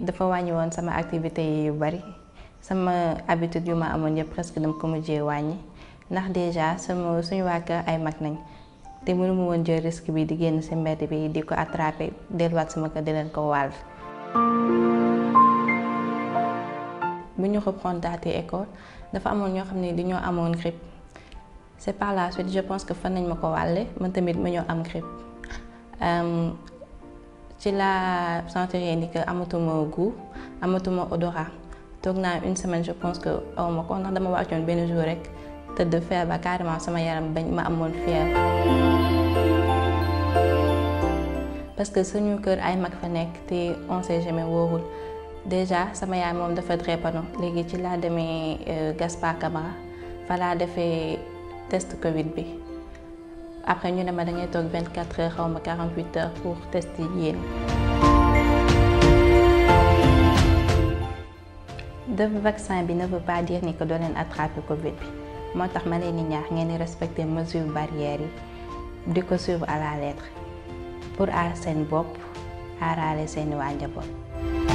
dafa wàññi woon sama activité yi yu bari sama habitude yu ma amoon yëpp presque dama ko mujjee wàññi ndax déjà sama suñu waa kër ay mag nañ te mënu ma woon jël risque bi di génn si mbedd bi di ko attraper delluwaat sama ko di leen ko wàll. bu ñu reprendaatee école dafa amoon ñoo xam ne dañoo amoon grippe c'est par la suite je pense que fan nañ ma ko wàlle man tamit ma am grippe. ci la santé ni que amatuma goût amatuma odorat Donc naa une semaine je pense que aw ma ko ndax dama wàccoon benn jour rek tëdd feebar carrément sama yaram bañ ma amoon fièvre parce que suñu kër ay mag fa nekk te on sait jamais wóorul déjà sama yaay moom dafa drépano léegi ci laa demee euh, Gaspard Camara fa laa faire test Covid bi après nous avons 24 heures ou 48 heures pour tester. Le vaccin ne veut pas dire ni que doo pas attraper Covid Je moo tax ma respecter mesures barrières de suivre à la lettre pour aar seen nous et seen waa